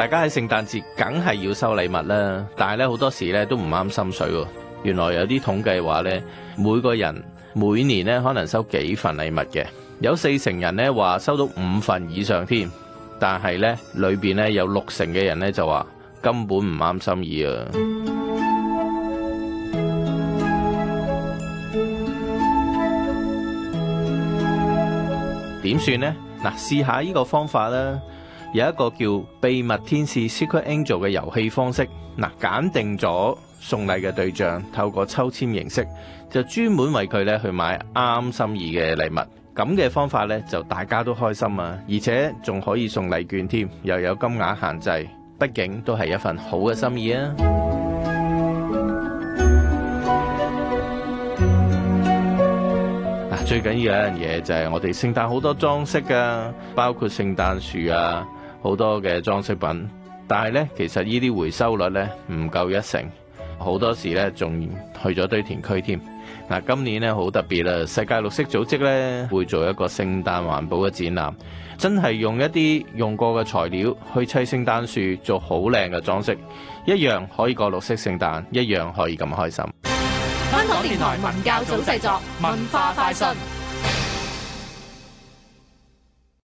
大家喺聖誕節梗係要收禮物啦，但係咧好多時咧都唔啱心水嘅。原來有啲統計話呢每個人每年咧可能收幾份禮物嘅，有四成人咧話收到五份以上添，但係呢裏邊咧有六成嘅人咧就話根本唔啱心意啊。點算 呢？嗱，試下呢個方法啦。有一個叫秘密天使 Secret Angel 嘅遊戲方式，嗱，揀定咗送禮嘅對象，透過抽籤形式，就專門為佢咧去買啱心意嘅禮物。咁嘅方法咧就大家都開心啊，而且仲可以送禮券添，又有金額限制，畢竟都係一份好嘅心意啊！最緊要有一樣嘢就係我哋聖誕好多裝飾啊，包括聖誕樹啊。好多嘅裝飾品，但係呢，其實呢啲回收率呢唔夠一成，好多時呢，仲去咗堆填區添。嗱，今年呢，好特別啦，世界綠色組織呢會做一個聖誕環保嘅展覽，真係用一啲用過嘅材料去砌聖誕樹，做好靚嘅裝飾，一樣可以過綠色聖誕，一樣可以咁開心。香港電台文教組製作，文化快訊。